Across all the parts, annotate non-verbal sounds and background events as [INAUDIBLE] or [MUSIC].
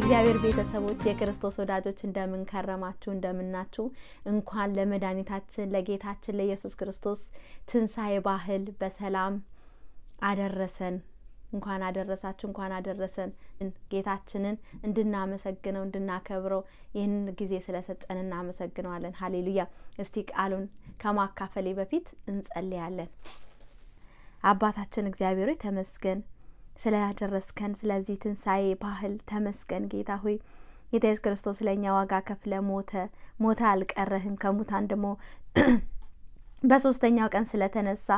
የእግዚአብሔር ቤተሰቦች የክርስቶስ ወዳጆች እንደምንከረማችሁ እንደምናችሁ። እንኳን ለመድኃኒታችን ለጌታችን ለኢየሱስ ክርስቶስ ትንሣኤ ባህል በሰላም አደረሰን። እንኳን አደረሳችሁ፣ እንኳን አደረሰን። ጌታችንን እንድናመሰግነው እንድናከብረው ይህንን ጊዜ ስለሰጠን እናመሰግነዋለን። ሀሌሉያ። እስቲ ቃሉን ከማካፈሌ በፊት እንጸልያለን። አባታችን እግዚአብሔር ተመስገን ስለያደረስከን ስለዚህ ትንሣኤ ባህል ተመስገን ጌታ ሆይ። ጌታ ኢየሱስ ክርስቶስ ለእኛ ዋጋ ከፍለ ሞተ ሞተ አልቀረህም። ከሙታን ደግሞ [CLEARS THROAT] በሶስተኛው ቀን ስለተነሳ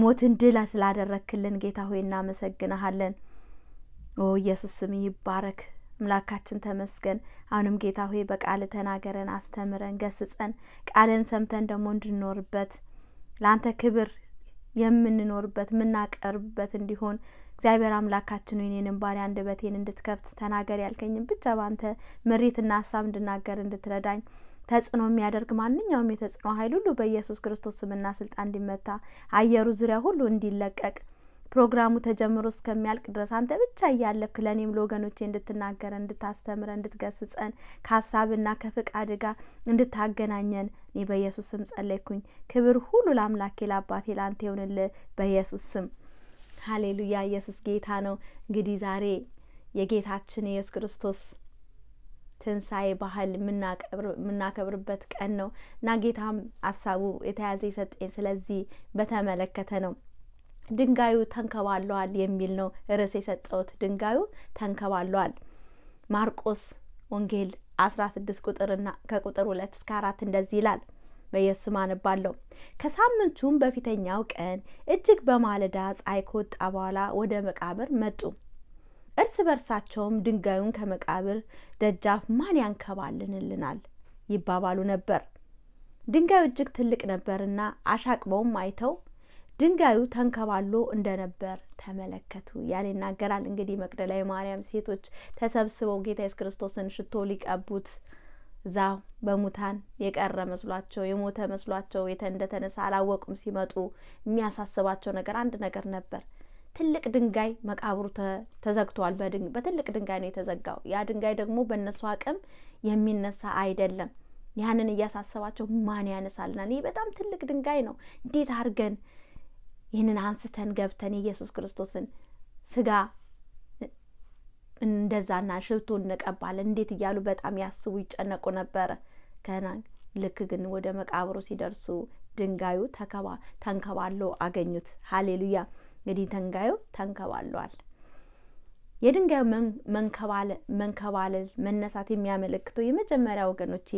ሞትን ድል ስላደረክልን ጌታ ሆይ እናመሰግንሃለን። ኦ ኢየሱስ ስም ይባረክ። አምላካችን ተመስገን። አሁንም ጌታ ሆይ በቃል ተናገረን፣ አስተምረን፣ ገስጸን ቃልን ሰምተን ደግሞ እንድንኖርበት ለአንተ ክብር የምንኖርበት የምናቀርብበት እንዲሆን እግዚአብሔር አምላካችን የኔንም ባሪያ አንደበቴን እንድትከፍት ተናገር ያልከኝም ብቻ በአንተ ምሪትና ሀሳብ እንድናገር እንድትረዳኝ ተጽዕኖ የሚያደርግ ማንኛውም የተጽዕኖ ኃይል ሁሉ በኢየሱስ ክርስቶስ ስምና ስልጣን እንዲመታ አየሩ ዙሪያ ሁሉ እንዲለቀቅ ፕሮግራሙ ተጀምሮ እስከሚያልቅ ድረስ አንተ ብቻ እያለፍክ ለእኔም ለወገኖቼ እንድትናገረ እንድታስተምረ እንድትገስጸን ከሀሳብና ከፍቃድ ጋር እንድታገናኘን እኔ በኢየሱስ ስም ጸለይኩኝ። ክብር ሁሉ ለአምላኬ ለአባቴ ለአንተ ይሆንልህ በኢየሱስ ስም። ሀሌሉያ ኢየሱስ ጌታ ነው። እንግዲህ ዛሬ የጌታችን ኢየሱስ ክርስቶስ ትንሣኤ ባህል የምናከብርበት ቀን ነው እና ጌታም አሳቡ የተያዘ የሰጠኝ ስለዚህ በተመለከተ ነው። ድንጋዩ ተንከባለዋል የሚል ነው ርዕስ የሰጠሁት። ድንጋዩ ተንከባለዋል። ማርቆስ ወንጌል አስራ ስድስት ቁጥርና ከቁጥር ሁለት እስከ አራት እንደዚህ ይላል በኢየሱስ ስም አነባለሁ። ከሳምንቱም በፊተኛው ቀን እጅግ በማለዳ ፀሐይ ከወጣ በኋላ ወደ መቃብር መጡ። እርስ በርሳቸውም ድንጋዩን ከመቃብር ደጃፍ ማን ያንከባልንልናል ይባባሉ ነበር። ድንጋዩ እጅግ ትልቅ ነበርና አሻቅበውም አይተው ድንጋዩ ተንከባሎ እንደነበር ተመለከቱ ያለ ይናገራል። እንግዲህ መቅደላዊ ማርያም ሴቶች ተሰብስበው ጌታ ኢየሱስ ክርስቶስን ሽቶ ሊቀቡት ዛው በሙታን የቀረ መስሏቸው የሞተ መስሏቸው እንደተነሳ አላወቁም። ሲመጡ የሚያሳስባቸው ነገር አንድ ነገር ነበር። ትልቅ ድንጋይ መቃብሩ ተዘግቷል። በትልቅ ድንጋይ ነው የተዘጋው። ያ ድንጋይ ደግሞ በእነሱ አቅም የሚነሳ አይደለም። ያንን እያሳሰባቸው ማን ያነሳልናል? ይህ በጣም ትልቅ ድንጋይ ነው። እንዴት አድርገን ይህንን አንስተን ገብተን የኢየሱስ ክርስቶስን ስጋ እንደዛና ሽብቶ እንቀባለን እንዴት እያሉ በጣም ያስቡ ይጨነቁ ነበረ። ከና ልክ ግን ወደ መቃብሩ ሲደርሱ ድንጋዩ ተንከባሎ አገኙት። ሀሌሉያ! እንግዲህ ድንጋዩ ተንከባሏል። የድንጋዩ መንከባለል መነሳት የሚያመለክተው የመጀመሪያ ወገኖቼ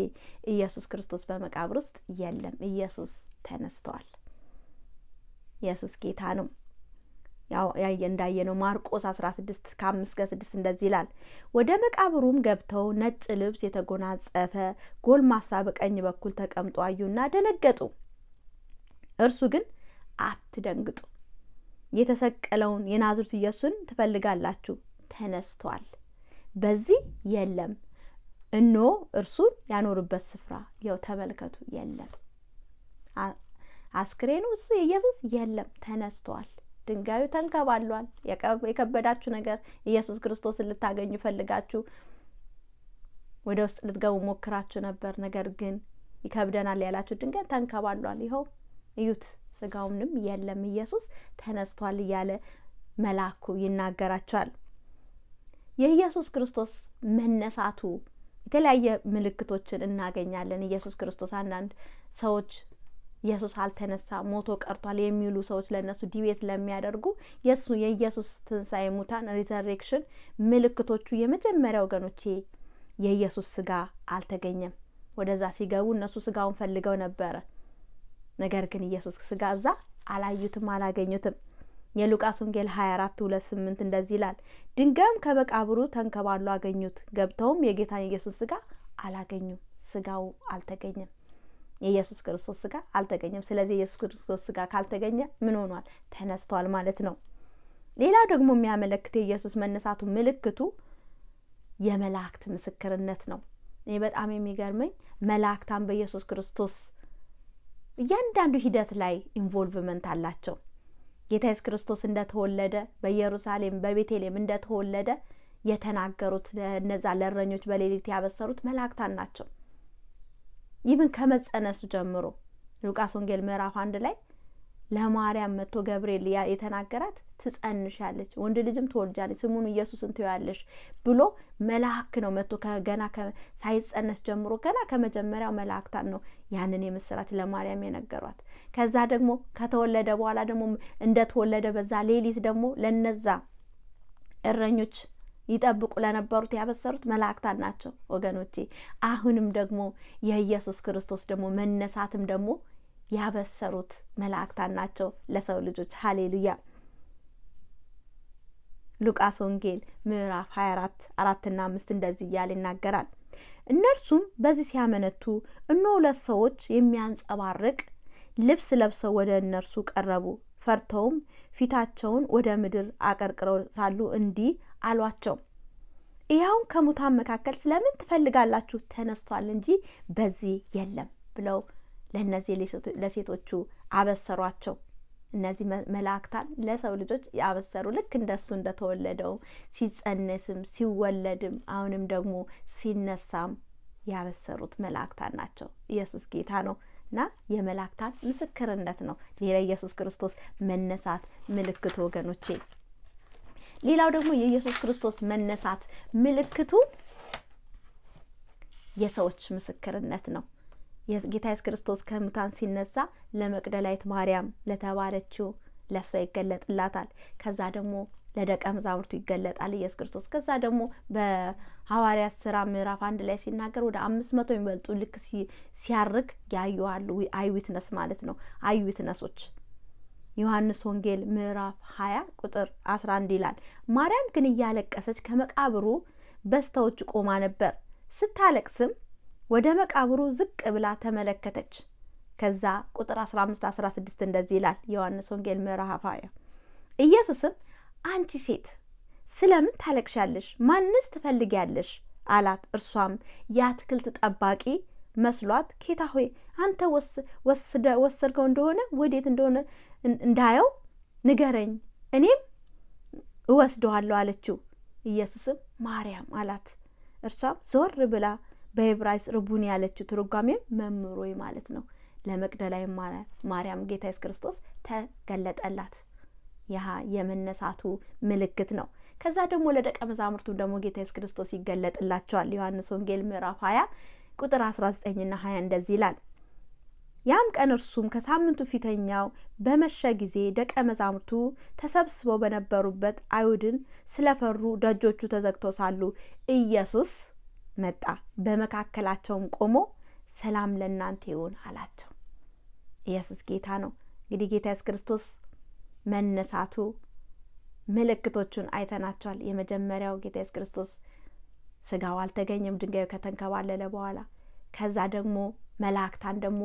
ኢየሱስ ክርስቶስ በመቃብር ውስጥ የለም። ኢየሱስ ተነስቷል። ኢየሱስ ጌታ ነው። ነው። ማርቆስ 16 ከ5 እስከ 6 እንደዚህ ይላል። ወደ መቃብሩም ገብተው ነጭ ልብስ የተጎናጸፈ ጎልማሳ በቀኝ በኩል ተቀምጦ አዩና ደነገጡ። እርሱ ግን አትደንግጡ፣ የተሰቀለውን የናዝሩት ኢየሱስን ትፈልጋላችሁ፣ ተነስቷል፣ በዚህ የለም፣ እኖ እርሱን ያኖሩበት ስፍራ ያው ተመልከቱ፣ የለም፣ አስክሬኑ እሱ የኢየሱስ የለም፣ ተነስቷል። ድንጋዩ ተንከባሏል። የከበዳችሁ ነገር ኢየሱስ ክርስቶስን ልታገኙ ፈልጋችሁ ወደ ውስጥ ልትገቡ ሞክራችሁ ነበር። ነገር ግን ይከብደናል ያላችሁ ድንጋይ ተንከባሏል። ይኸው እዩት፣ ስጋውንም የለም ኢየሱስ ተነስቷል እያለ መልአኩ ይናገራቸዋል። የኢየሱስ ክርስቶስ መነሳቱ የተለያየ ምልክቶችን እናገኛለን። ኢየሱስ ክርስቶስ አንዳንድ ሰዎች ኢየሱስ አልተነሳ ሞቶ ቀርቷል የሚሉ ሰዎች ለእነሱ ዲቤት ለሚያደርጉ የእሱ የኢየሱስ ትንሣኤ ሙታን ሪዘሬክሽን ምልክቶቹ የመጀመሪያ ወገኖቼ የኢየሱስ ስጋ አልተገኘም። ወደዛ ሲገቡ እነሱ ስጋውን ፈልገው ነበረ። ነገር ግን ኢየሱስ ስጋ እዛ አላዩትም፣ አላገኙትም። የሉቃስ ወንጌል 24 28 እንደዚህ ይላል፣ ድንጋይም ከመቃብሩ ተንከባሉ አገኙት። ገብተውም የጌታን ኢየሱስ ስጋ አላገኙም፣ ስጋው አልተገኘም። የኢየሱስ ክርስቶስ ስጋ አልተገኘም። ስለዚህ የኢየሱስ ክርስቶስ ስጋ ካልተገኘ ምን ሆኗል? ተነስቷል ማለት ነው። ሌላው ደግሞ የሚያመለክተው የኢየሱስ መነሳቱ ምልክቱ የመላእክት ምስክርነት ነው። ይህ በጣም የሚገርመኝ መላእክታን በኢየሱስ ክርስቶስ እያንዳንዱ ሂደት ላይ ኢንቮልቭመንት አላቸው። ጌታ ኢየሱስ ክርስቶስ እንደተወለደ በኢየሩሳሌም በቤተልሔም እንደተወለደ የተናገሩት እነዛ ለእረኞች በሌሊት ያበሰሩት መላእክታን ናቸው። ይብን ከመጸነሱ ጀምሮ ሉቃስ ወንጌል ምዕራፍ አንድ ላይ ለማርያም መጥቶ ገብርኤል የተናገራት ያለች ወንድ ልጅም ትወልጃለች፣ ስሙን ኢየሱስን ትያለሽ ብሎ መልአክ ነው መጥቶ ገና ሳይጸነስ ጀምሮ ገና ከመጀመሪያው መልአክታን ነው ያንን የምስራች ለማርያም የነገሯት። ከዛ ደግሞ ከተወለደ በኋላ ደግሞ እንደተወለደ በዛ ሌሊት ደግሞ ለነዛ እረኞች ይጠብቁ ለነበሩት ያበሰሩት መላእክታን ናቸው ወገኖቼ። አሁንም ደግሞ የኢየሱስ ክርስቶስ ደግሞ መነሳትም ደግሞ ያበሰሩት መላእክታን ናቸው ለሰው ልጆች። ሀሌሉያ። ሉቃስ ወንጌል ምዕራፍ 24 አራትና አምስት እንደዚህ እያለ ይናገራል። እነርሱም በዚህ ሲያመነቱ እኖ ሁለት ሰዎች የሚያንጸባርቅ ልብስ ለብሰው ወደ እነርሱ ቀረቡ። ፈርተውም ፊታቸውን ወደ ምድር አቀርቅረው ሳሉ እንዲህ አሏቸው። ይኸውን ከሙታን መካከል ስለምን ትፈልጋላችሁ? ተነስቷል እንጂ በዚህ የለም ብለው ለእነዚህ ለሴቶቹ አበሰሯቸው። እነዚህ መላእክታን ለሰው ልጆች ያበሰሩ ልክ እንደሱ እንደተወለደው ሲጸነስም ሲወለድም አሁንም ደግሞ ሲነሳም ያበሰሩት መላእክታን ናቸው። ኢየሱስ ጌታ ነው እና የመላእክታን ምስክርነት ነው። ሌላ ኢየሱስ ክርስቶስ መነሳት ምልክቱ ወገኖቼ ሌላው ደግሞ የኢየሱስ ክርስቶስ መነሳት ምልክቱ የሰዎች ምስክርነት ነው። ጌታ ኢየሱስ ክርስቶስ ከሙታን ሲነሳ ለመቅደላዊት ማርያም ለተባለችው ለእሷ ይገለጥላታል። ከዛ ደግሞ ለደቀ መዛሙርቱ ይገለጣል ኢየሱስ ክርስቶስ። ከዛ ደግሞ በሐዋርያት ስራ ምዕራፍ አንድ ላይ ሲናገር ወደ አምስት መቶ የሚበልጡ ልክ ሲያርግ ያዩዋሉ። አይዊትነስ ማለት ነው። አይዊትነሶች ዮሐንስ ወንጌል ምዕራፍ 20 ቁጥር 11 ይላል። ማርያም ግን እያለቀሰች ከመቃብሩ በስተውጭ ቆማ ነበር። ስታለቅስም ወደ መቃብሩ ዝቅ ብላ ተመለከተች። ከዛ ቁጥር 15 16 እንደዚህ ይላል ዮሐንስ ወንጌል ምዕራፍ 20 ኢየሱስም አንቺ ሴት ስለምን ታለቅሻለሽ? ማንስ ትፈልጊያለሽ? አላት። እርሷም የአትክልት ጠባቂ መስሏት ጌታ ሆይ አንተ ወስደ ወሰድከው እንደሆነ ወዴት እንደሆነ እንዳየው ንገረኝ፣ እኔም እወስደዋለሁ አለችው። ኢየሱስም ማርያም አላት። እርሷም ዞር ብላ በዕብራይስ ርቡኒ ያለችው ትርጓሜም መምህሮይ ማለት ነው። ለመቅደላዊ ማርያም ጌታ ኢየሱስ ክርስቶስ ተገለጠላት። ያ የመነሳቱ ምልክት ነው። ከዛ ደግሞ ለደቀ መዛሙርቱ ደግሞ ጌታ ኢየሱስ ክርስቶስ ይገለጥላቸዋል። ዮሐንስ ወንጌል ምዕራፍ 20 ቁጥር 19ና 20 እንደዚህ ይላል ያም ቀን እርሱም ከሳምንቱ ፊተኛው በመሸ ጊዜ ደቀ መዛሙርቱ ተሰብስበው በነበሩበት አይሁድን ስለፈሩ ደጆቹ ተዘግተው ሳሉ ኢየሱስ መጣ፣ በመካከላቸውም ቆሞ ሰላም ለእናንተ ይሁን አላቸው። ኢየሱስ ጌታ ነው። እንግዲህ ጌታ ኢየሱስ ክርስቶስ መነሳቱ ምልክቶቹን አይተናቸዋል። የመጀመሪያው ጌታ ኢየሱስ ክርስቶስ ስጋው አልተገኘም፣ ድንጋዩ ከተንከባለለ በኋላ ከዛ ደግሞ መላእክታን ደግሞ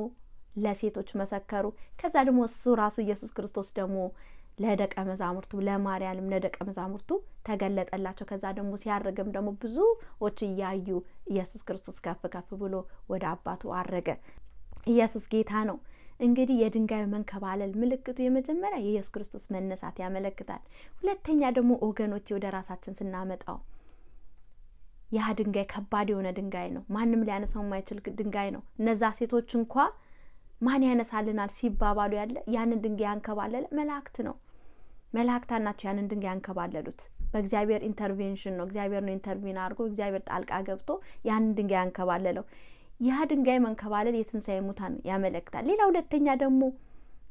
ለሴቶች መሰከሩ። ከዛ ደግሞ እሱ ራሱ ኢየሱስ ክርስቶስ ደግሞ ለደቀ መዛሙርቱ ለማርያም ለደቀ መዛሙርቱ ተገለጠላቸው። ከዛ ደግሞ ሲያርግም ደግሞ ብዙዎች እያዩ ኢየሱስ ክርስቶስ ከፍ ከፍ ብሎ ወደ አባቱ አረገ። ኢየሱስ ጌታ ነው። እንግዲህ የድንጋዩ መንከባለል ምልክቱ የመጀመሪያ የኢየሱስ ክርስቶስ መነሳት ያመለክታል። ሁለተኛ ደግሞ ወገኖች ወደ ራሳችን ስናመጣው ያ ድንጋይ ከባድ የሆነ ድንጋይ ነው። ማንም ሊያነሳው የማይችል ድንጋይ ነው። እነዛ ሴቶች እንኳ ማን ያነሳልናል ሲባባሉ ያለ ያንን ድንጋይ ያንከባለለ መላእክት ነው። መላእክታ ናቸው ያንን ድንጋይ ያንከባለሉት። በእግዚአብሔር ኢንተርቬንሽን ነው። እግዚአብሔር ነው ኢንተርቬን አድርጎ እግዚአብሔር ጣልቃ ገብቶ ያንን ድንጋይ ያንከባለለው። ያ ድንጋይ መንከባለል የትንሣኤ ሙታን ያመለክታል። ሌላ ሁለተኛ ደግሞ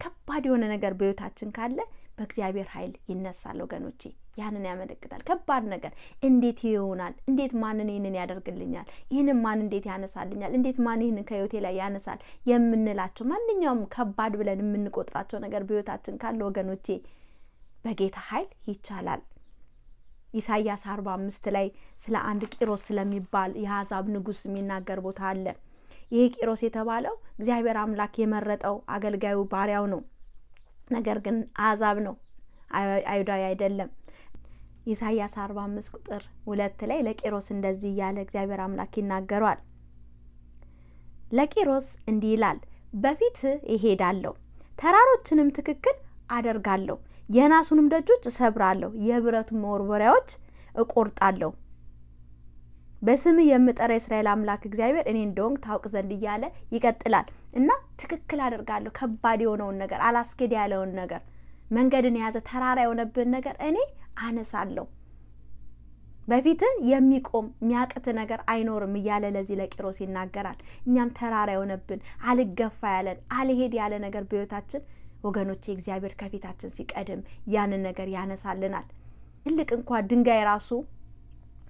ከባድ የሆነ ነገር በሕይወታችን ካለ በእግዚአብሔር ኃይል ይነሳል ወገኖቼ። ያንን ያመለክታል። ከባድ ነገር እንዴት ይሆናል? እንዴት ማንን ይህንን ያደርግልኛል? ይህንን ማን እንዴት ያነሳልኛል? እንዴት ማን ይህንን ከህይወቴ ላይ ያነሳል? የምንላቸው ማንኛውም ከባድ ብለን የምንቆጥራቸው ነገር በህይወታችን ካለ ወገኖቼ በጌታ ኃይል ይቻላል። ኢሳያስ አርባ አምስት ላይ ስለ አንድ ቂሮስ ስለሚባል የአሕዛብ ንጉስ የሚናገር ቦታ አለ። ይሄ ቂሮስ የተባለው እግዚአብሔር አምላክ የመረጠው አገልጋዩ ባሪያው ነው። ነገር ግን አሕዛብ ነው፣ አይሁዳዊ አይደለም። ኢሳያስ 45 ቁጥር ሁለት ላይ ለቂሮስ እንደዚህ እያለ እግዚአብሔር አምላክ ይናገረዋል። ለቂሮስ እንዲህ ይላል፣ በፊት እሄዳለሁ፣ ተራሮችንም ትክክል አደርጋለሁ፣ የናሱንም ደጆች እሰብራለሁ፣ የብረቱ መወርወሪያዎች እቆርጣለሁ። በስም የምጠራ የእስራኤል አምላክ እግዚአብሔር እኔ እንደሆንክ ታውቅ ዘንድ እያለ ይቀጥላል እና ትክክል አደርጋለሁ። ከባድ የሆነውን ነገር አላስኬድ ያለውን ነገር መንገድን የያዘ ተራራ የሆነብን ነገር እኔ አነሳለሁ በፊት የሚቆም የሚያቅት ነገር አይኖርም እያለ ለዚህ ለቂሮስ ይናገራል። እኛም ተራራ የሆነብን አልገፋ ያለን አልሄድ ያለ ነገር በህይወታችን ወገኖች እግዚአብሔር ከፊታችን ሲቀድም ያንን ነገር ያነሳልናል። ትልቅ እንኳ ድንጋይ ራሱ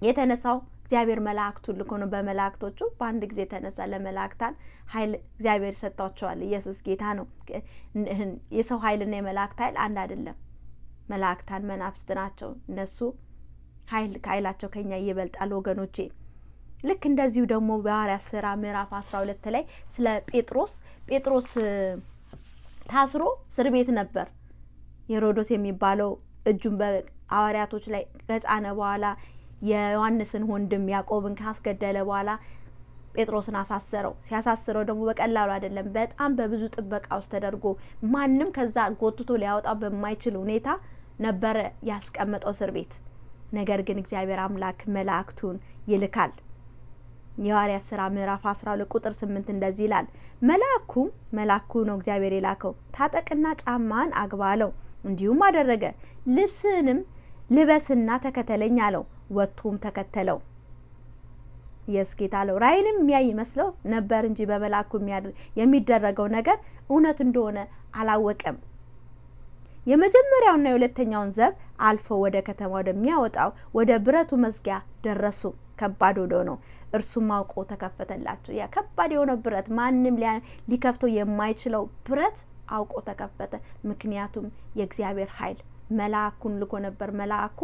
የተነሳው እግዚአብሔር መላእክቱን ልኮ ነው። በመላእክቶቹ በአንድ ጊዜ የተነሳ ለመላእክታን ኃይል እግዚአብሔር ሰጥቷቸዋል። ኢየሱስ ጌታ ነው። የሰው ኃይልና የመላእክት ኃይል አንድ አይደለም። መላእክታን መናፍስት ናቸው። እነሱ ኃይል ከኃይላቸው ከኛ ይበልጣል ወገኖቼ። ልክ እንደዚሁ ደግሞ በሐዋርያት ስራ ምዕራፍ አስራ ሁለት ላይ ስለ ጴጥሮስ ጴጥሮስ ታስሮ እስር ቤት ነበር። ሄሮዶስ የሚባለው እጁን በሐዋርያቶች ላይ ከጫነ በኋላ የዮሐንስን ወንድም ያዕቆብን ካስገደለ በኋላ ጴጥሮስን አሳሰረው። ሲያሳስረው ደግሞ በቀላሉ አይደለም፣ በጣም በብዙ ጥበቃ ውስጥ ተደርጎ ማንም ከዛ ጎትቶ ሊያወጣ በማይችል ሁኔታ ነበረ ያስቀመጠው እስር ቤት። ነገር ግን እግዚአብሔር አምላክ መላእክቱን ይልካል። የሐዋርያት ስራ ምዕራፍ 12 ቁጥር 8 እንደዚህ ይላል። መልአኩም መልአኩ ነው እግዚአብሔር የላከው ታጠቅና ጫማን አግባለው እንዲሁም አደረገ። ልብስንም ልበስና ተከተለኝ አለው። ወጥቶም ተከተለው። ኢየሱስ ጌታ ነው። ራእይንም የሚያይ ይመስለው ነበር እንጂ በመላኩ የሚደረገው ነገር እውነት እንደሆነ አላወቀም። የመጀመሪያውና የሁለተኛውን ዘብ አልፎ ወደ ከተማ ወደሚያወጣው ወደ ብረቱ መዝጊያ ደረሱ። ከባድ ወደ ነው እርሱም አውቆ ተከፈተላቸው። ያ ከባድ የሆነ ብረት ማንም ሊከፍተው የማይችለው ብረት አውቆ ተከፈተ። ምክንያቱም የእግዚአብሔር ኃይል መልአኩን ልኮ ነበር። መልአኩ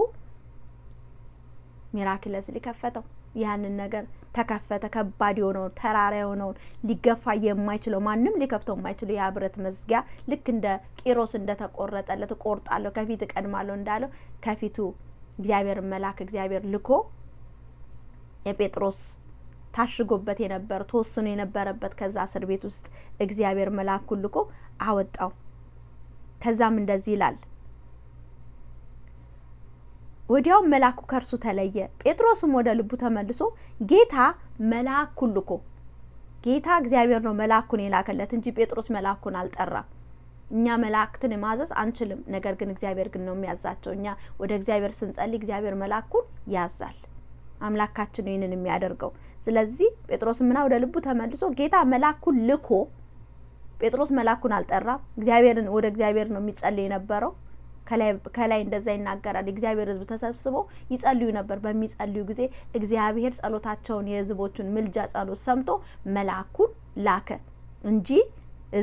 ሚራክለስ ሊከፈተው ያንን ነገር ተከፈተ። ከባድ የሆነውን ተራራ የሆነውን ሊገፋ የማይችለው ማንም ሊከፍተው የማይችለው የብረት መዝጊያ ልክ እንደ ቂሮስ እንደተቆረጠለት እቆርጣለሁ፣ ከፊት እቀድማለሁ እንዳለው ከፊቱ እግዚአብሔር መልአክ እግዚአብሔር ልኮ የጴጥሮስ ታሽጎበት የነበረ ተወስኖ የነበረበት ከዛ እስር ቤት ውስጥ እግዚአብሔር መልአኩን ልኮ አወጣው። ከዛም እንደዚህ ይላል ወዲያው መልአኩ ከእርሱ ተለየ። ጴጥሮስም ወደ ልቡ ተመልሶ ጌታ መልአኩ ልኮ ጌታ እግዚአብሔር ነው መልአኩን የላከለት እንጂ ጴጥሮስ መልአኩን አልጠራም። እኛ መላእክትን ማዘዝ አንችልም። ነገር ግን እግዚአብሔር ግን ነው የሚያዛቸው። እኛ ወደ እግዚአብሔር ስንጸልይ እግዚአብሔር መልአኩን ያዛል። አምላካችን ነው ይህንን የሚያደርገው። ስለዚህ ጴጥሮስ ምና ወደ ልቡ ተመልሶ ጌታ መልአኩን ልኮ ጴጥሮስ መልአኩን አልጠራም። እግዚአብሔርን ወደ እግዚአብሔር ነው የሚጸልይ የነበረው። ከላይ እንደዛ ይናገራል። እግዚአብሔር ህዝብ ተሰብስቦ ይጸልዩ ነበር። በሚጸልዩ ጊዜ እግዚአብሔር ጸሎታቸውን የህዝቦቹን ምልጃ ጸሎት ሰምቶ መልአኩን ላከ እንጂ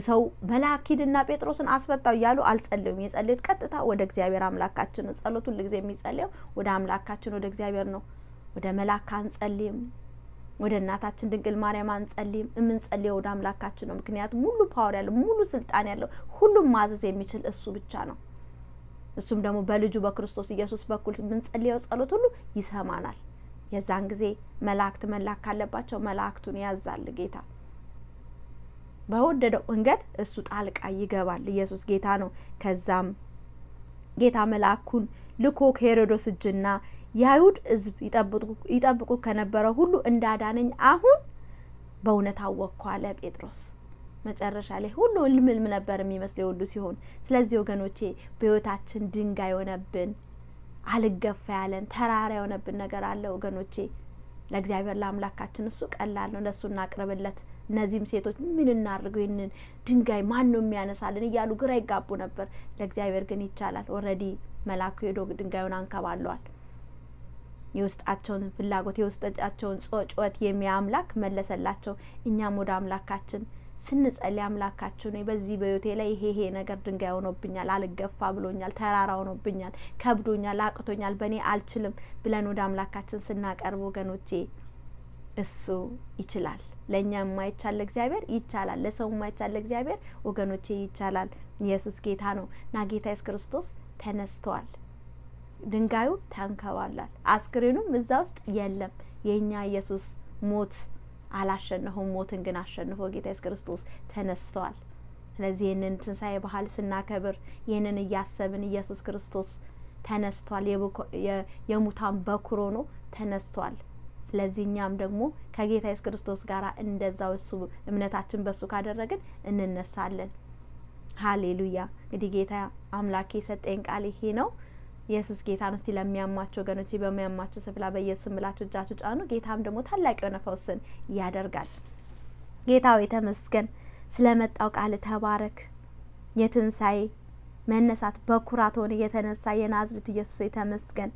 ሰው መልአክ ሂድና ጴጥሮስን አስፈታው እያሉ አልጸለዩም። የጸለዩት ቀጥታ ወደ እግዚአብሔር አምላካችን ነው። ጸሎት ጊዜ የሚጸለየው ወደ አምላካችን ወደ እግዚአብሔር ነው። ወደ መልአክ አንጸልይም። ወደ እናታችን ድንግል ማርያም አንጸልይም። የምንጸልየው ወደ አምላካችን ነው። ምክንያቱም ሙሉ ፓወር ያለው ሙሉ ስልጣን ያለው ሁሉም ማዘዝ የሚችል እሱ ብቻ ነው። እሱም ደግሞ በልጁ በክርስቶስ ኢየሱስ በኩል የምንጸልየው ጸሎት ሁሉ ይሰማናል። የዛን ጊዜ መላእክት መላክ ካለባቸው መላእክቱን ያዛል ጌታ በወደደው መንገድ እሱ ጣልቃ ይገባል። ኢየሱስ ጌታ ነው። ከዛም ጌታ መልአኩን ልኮ ከሄሮዶስ እጅና የአይሁድ ሕዝብ ይጠብቁ ከነበረው ሁሉ እንዳዳነኝ አሁን በእውነት አወቅኩ አለ ጴጥሮስ። መጨረሻ ላይ ሁሉ ልምልም ነበር የሚመስል የወሉ ሲሆን፣ ስለዚህ ወገኖቼ በህይወታችን ድንጋይ የሆነብን አልገፋ ያለን ተራራ የሆነብን ነገር አለ ወገኖቼ። ለእግዚአብሔር ለአምላካችን እሱ ቀላል ነው። ለእሱ እናቅርብለት። እነዚህም ሴቶች ምን እናድርገው ይህንን ድንጋይ ማን ነው የሚያነሳልን እያሉ ግራ ይጋቡ ነበር። ለእግዚአብሔር ግን ይቻላል። ኦልሬዲ መላኩ ሄዶ ድንጋዩን አንከባለዋል። የውስጣቸውን ፍላጎት የውስጣቸውን ጩኸት የሚያ አምላክ መለሰላቸው። እኛም ወደ አምላካችን ስንጸልይ አምላካችን ነው በዚህ በዮቴ ላይ ይሄ ይሄ ነገር ድንጋይ ሆኖብኛል፣ አልገፋ ብሎኛል፣ ተራራ ሆኖብኛል፣ ከብዶኛል፣ አቅቶኛል፣ በእኔ አልችልም ብለን ወደ አምላካችን ስናቀርብ ወገኖቼ እሱ ይችላል። ለእኛ የማይቻል እግዚአብሔር ይቻላል። ለሰው የማይቻል እግዚአብሔር ወገኖቼ ይቻላል። ኢየሱስ ጌታ ነው እና ጌታ ኢየሱስ ክርስቶስ ተነስተዋል። ድንጋዩ ተንከባሏል። አስክሬኑም እዛ ውስጥ የለም። የእኛ ኢየሱስ ሞት አላሸነፈውም፣ ሞትን ግን አሸንፎ ጌታ ኢየሱስ ክርስቶስ ተነስቷል። ስለዚህ ይህንን ትንሣኤ ባህል ስናከብር ይህንን እያሰብን ኢየሱስ ክርስቶስ ተነስቷል፣ የሙታን በኩር ሆኖ ተነስቷል። ስለዚህ እኛም ደግሞ ከጌታ ኢየሱስ ክርስቶስ ጋር እንደዛው እሱ እምነታችን በእሱ ካደረግን እንነሳለን። ሀሌሉያ። እንግዲህ ጌታ አምላኬ የሰጠኝ ቃል ይሄ ነው። ኢየሱስ ጌታ ነው። እስቲ ለሚያማቸው ወገኖች በሚያማቸው ስፍራ በኢየሱስ ምላችሁ እጃችሁ ጫኑ። ጌታም ደግሞ ታላቅ የሆነ ፈውስን ያደርጋል። ጌታው የተመስገን ስለመጣው ቃል ተባረክ። የትንሣኤ መነሳት በኩራት ሆነ የተነሳ የናዝሬቱ ኢየሱስ የተመስገን።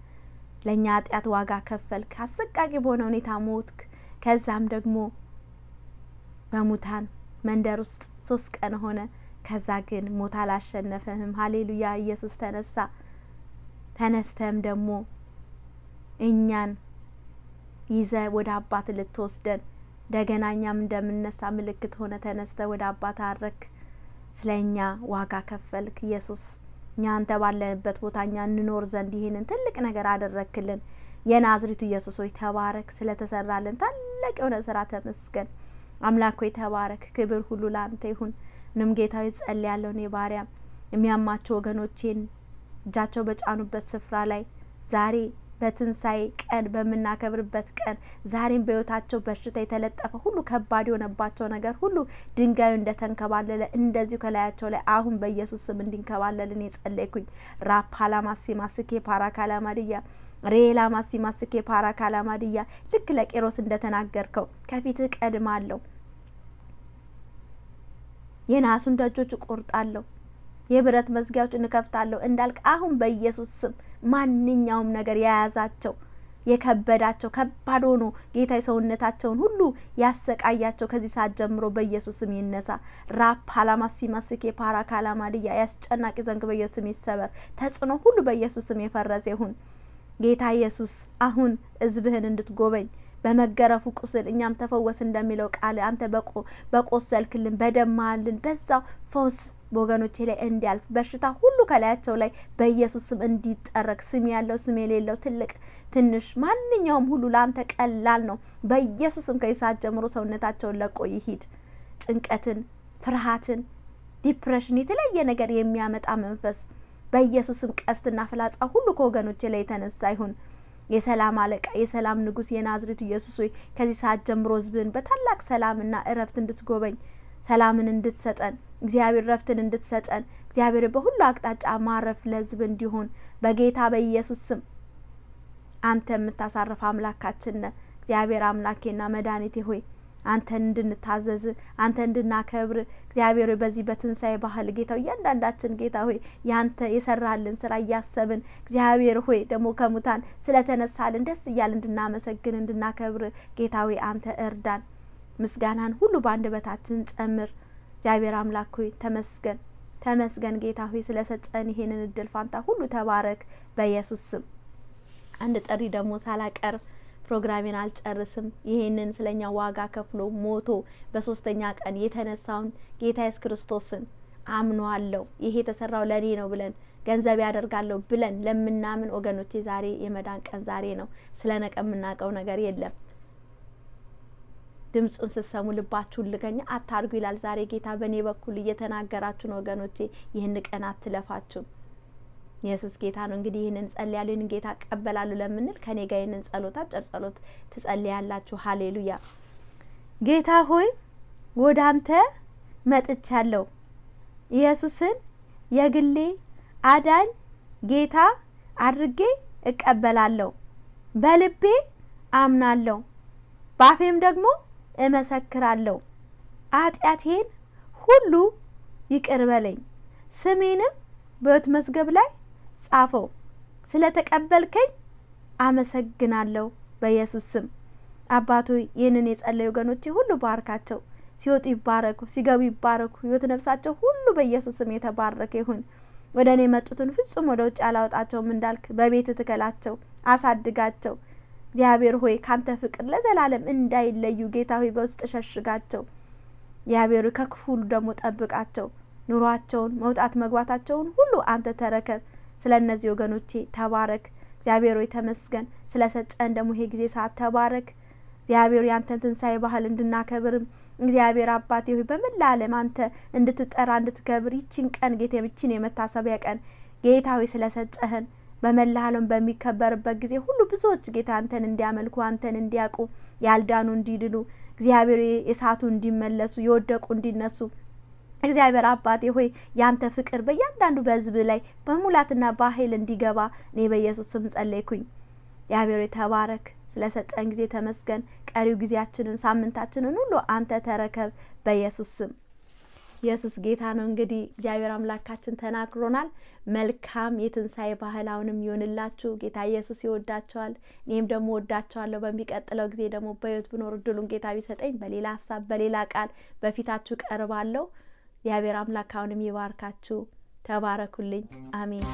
ለእኛ ኃጢአት ዋጋ ከፈልክ፣ አሰቃቂ በሆነ ሁኔታ ሞትክ። ከዛም ደግሞ በሙታን መንደር ውስጥ ሶስት ቀን ሆነ። ከዛ ግን ሞት አላሸነፈህም። ሀሌሉያ! ኢየሱስ ተነሳ። ተነስተም ደግሞ እኛን ይዘ ወደ አባት ልትወስደን እንደገና እኛም እንደምነሳ ምልክት ሆነ ተነስተ ወደ አባት አረክ። ስለ እኛ ዋጋ ከፈልክ ኢየሱስ። እኛ አንተ ባለንበት ቦታ እኛ እንኖር ዘንድ ይህንን ትልቅ ነገር አደረክልን። የናዝሪቱ ኢየሱስ ሆይ ተባረክ። ስለተሰራልን ታላቅ የሆነ ስራ ተመስገን። አምላክ ሆይ ተባረክ። ክብር ሁሉ ለአንተ ይሁን። እንም ጌታዊ ጸል ያለውን የባሪያ የሚያማቸው ወገኖቼን እጃቸው በጫኑበት ስፍራ ላይ ዛሬ በትንሣኤ ቀን በምናከብርበት ቀን ዛሬም በሕይወታቸው በሽታ የተለጠፈ ሁሉ ከባድ የሆነባቸው ነገር ሁሉ ድንጋዩ እንደተንከባለለ እንደዚሁ ከላያቸው ላይ አሁን በኢየሱስ ስም እንዲንከባለልን የጸለይኩኝ ራፓላማሲ ማስኬ ፓራካላማድያ ሬላ ማሲ ማስኬ ፓራካላማድያ ልክ ለቄሮስ እንደተናገርከው ከፊት ቀድማለሁ፣ የናሱን ደጆች ቆርጣለሁ፣ የብረት መዝጊያዎች እንከፍታለሁ እንዳልክ አሁን በኢየሱስ ስም ማንኛውም ነገር የያዛቸው የከበዳቸው ከባድ ሆኖ ጌታ የሰውነታቸውን ሁሉ ያሰቃያቸው ከዚህ ሰዓት ጀምሮ በኢየሱስ ስም ይነሳ። ራፕ አላማ ሲመስክ ፓራ ካላማ ድያ ያስጨናቂ ዘንግ በኢየሱስ ስም ይሰበር። ተጽዕኖ ሁሉ በኢየሱስ ስም የፈረሰ ይሁን። ጌታ ኢየሱስ አሁን ሕዝብህን እንድትጎበኝ በመገረፉ ቁስል እኛም ተፈወስ እንደሚለው ቃል አንተ በቆሰልክልን በደማልን በዛው ፈውስ በወገኖቼ ላይ እንዲያልፍ በሽታ ሁሉ ከላያቸው ላይ በኢየሱስ ስም እንዲጠረግ ስም ያለው ስም የሌለው ትልቅ ትንሽ ማንኛውም ሁሉ ለአንተ ቀላል ነው። በኢየሱስም ከይሳት ጀምሮ ሰውነታቸውን ለቆ ይሂድ። ጭንቀትን፣ ፍርሃትን፣ ዲፕሬሽን የተለያየ ነገር የሚያመጣ መንፈስ በኢየሱስም ቀስትና ፍላጻ ሁሉ ከወገኖቼ ላይ የተነሳ ይሁን። የሰላም አለቃ የሰላም ንጉስ የናዝሬቱ ኢየሱስ ሆይ ከዚህ ሰዓት ጀምሮ ህዝብን በታላቅ ሰላምና እረፍት እንድትጎበኝ ሰላምን እንድትሰጠን እግዚአብሔር ረፍትን እንድትሰጠን እግዚአብሔር በሁሉ አቅጣጫ ማረፍ ለህዝብ እንዲሆን በጌታ በኢየሱስ ስም አንተ የምታሳርፍ አምላካችን ነህ። እግዚአብሔር አምላኬና መድኃኒቴ ሆይ አንተ እንድንታዘዝ አንተ እንድናከብር እግዚአብሔር በዚህ በትንሣኤ ባህል ጌታ እያንዳንዳችን ጌታ ሆይ ያንተ የሰራልን ስራ እያሰብን እግዚአብሔር ሆይ ደግሞ ከሙታን ስለተነሳልን ደስ እያል እንድናመሰግን እንድናከብር ጌታ ሆይ አንተ እርዳን። ምስጋናን ሁሉ በአንድ በታችን ጨምር። እግዚአብሔር አምላክ ሆይ ተመስገን፣ ተመስገን ጌታ ሆይ ስለ ሰጠን ይሄንን እድል ፋንታ ሁሉ ተባረክ፣ በኢየሱስ ስም። አንድ ጥሪ ደግሞ ሳላቀርብ ፕሮግራሜን አልጨርስም። ይሄንን ስለኛ ዋጋ ከፍሎ ሞቶ በሶስተኛ ቀን የተነሳውን ጌታ ኢየሱስ ክርስቶስን አምኗለሁ፣ ይሄ የተሰራው ለእኔ ነው ብለን ገንዘብ ያደርጋለሁ ብለን ለምናምን ወገኖቼ ዛሬ የመዳን ቀን ዛሬ ነው። ስለ ነቀ የምናውቀው ነገር የለም። ድምፁን ስትሰሙ ልባችሁን ልገኛ አታርጉ ይላል። ዛሬ ጌታ በእኔ በኩል እየተናገራችሁን ወገኖቼ፣ ይህን ቀን አትለፋችሁ። ኢየሱስ ጌታ ነው። እንግዲህ ይህንን ጸልያለሁ፣ ይህንን ጌታ ቀበላሉ ለምንል ከኔ ጋር ይህንን ጸሎት አጭር ጸሎት ትጸልያላችሁ። ሀሌሉያ። ጌታ ሆይ ወደ አንተ መጥቻለሁ። ኢየሱስን የግሌ አዳኝ ጌታ አድርጌ እቀበላለሁ። በልቤ አምናለሁ፣ በአፌም ደግሞ እመሰክራለሁ። ኃጢአቴን ሁሉ ይቅር በለኝ፣ ስሜንም በሕይወት መዝገብ ላይ ጻፈው። ስለ ተቀበልከኝ አመሰግናለሁ። በኢየሱስ ስም አባቶ ይህንን የጸለዩ ወገኖቼ ሁሉ ባርካቸው። ሲወጡ ይባረኩ፣ ሲገቡ ይባረኩ። ሕይወት ነፍሳቸው ሁሉ በኢየሱስ ስም የተባረከ ይሁን። ወደ እኔ የመጡትን ፍጹም ወደ ውጭ አላወጣቸውም እንዳልክ በቤት ትከላቸው፣ አሳድጋቸው እግዚአብሔር ሆይ ካንተ ፍቅር ለዘላለም እንዳይለዩ ጌታ ሆይ በውስጥ ሸሽጋቸው። እግዚአብሔር ሆይ ከክፉ ሁሉ ደግሞ ጠብቃቸው። ኑሯቸውን መውጣት መግባታቸውን ሁሉ አንተ ተረከብ። ስለ እነዚህ ወገኖቼ ተባረክ። እግዚአብሔር ሆይ ተመስገን። ስለ ሰጠን ደግሞ ይሄ ጊዜ ሰዓት ተባረክ። እግዚአብሔር ያንተን ትንሣኤ ባህል እንድናከብርም እግዚአብሔር አባቴ ሆይ በመላ ዓለም አንተ እንድትጠራ እንድትከብር ይችን ቀን ጌታ ይችን የመታሰቢያ ቀን ጌታ ሆይ ስለ ሰጠህን በመላ ዓለም በሚከበርበት ጊዜ ሁሉ ብዙዎች ጌታ አንተን እንዲያመልኩ አንተን እንዲያውቁ ያልዳኑ እንዲድሉ እግዚአብሔር የሳቱ እንዲመለሱ የወደቁ እንዲነሱ እግዚአብሔር አባቴ ሆይ ያንተ ፍቅር በእያንዳንዱ በህዝብ ላይ በሙላትና በኃይል እንዲገባ እኔ በኢየሱስ ስም ጸለይኩኝ። እግዚአብሔር ተባረክ። ስለ ሰጠን ጊዜ ተመስገን። ቀሪው ጊዜያችንን ሳምንታችንን ሁሉ አንተ ተረከብ በኢየሱስ ስም። ኢየሱስ ጌታ ነው። እንግዲህ እግዚአብሔር አምላካችን ተናግሮናል። መልካም የትንሣኤ ባህል አሁንም ይሆንላችሁ። ጌታ ኢየሱስ ይወዳቸዋል፣ እኔም ደግሞ ወዳቸዋለሁ። በሚቀጥለው ጊዜ ደግሞ በህይወት ብኖር እድሉን ጌታ ቢሰጠኝ በሌላ ሀሳብ በሌላ ቃል በፊታችሁ ቀርባለሁ። እግዚአብሔር አምላክ አሁንም ይባርካችሁ። ተባረኩልኝ። አሜን።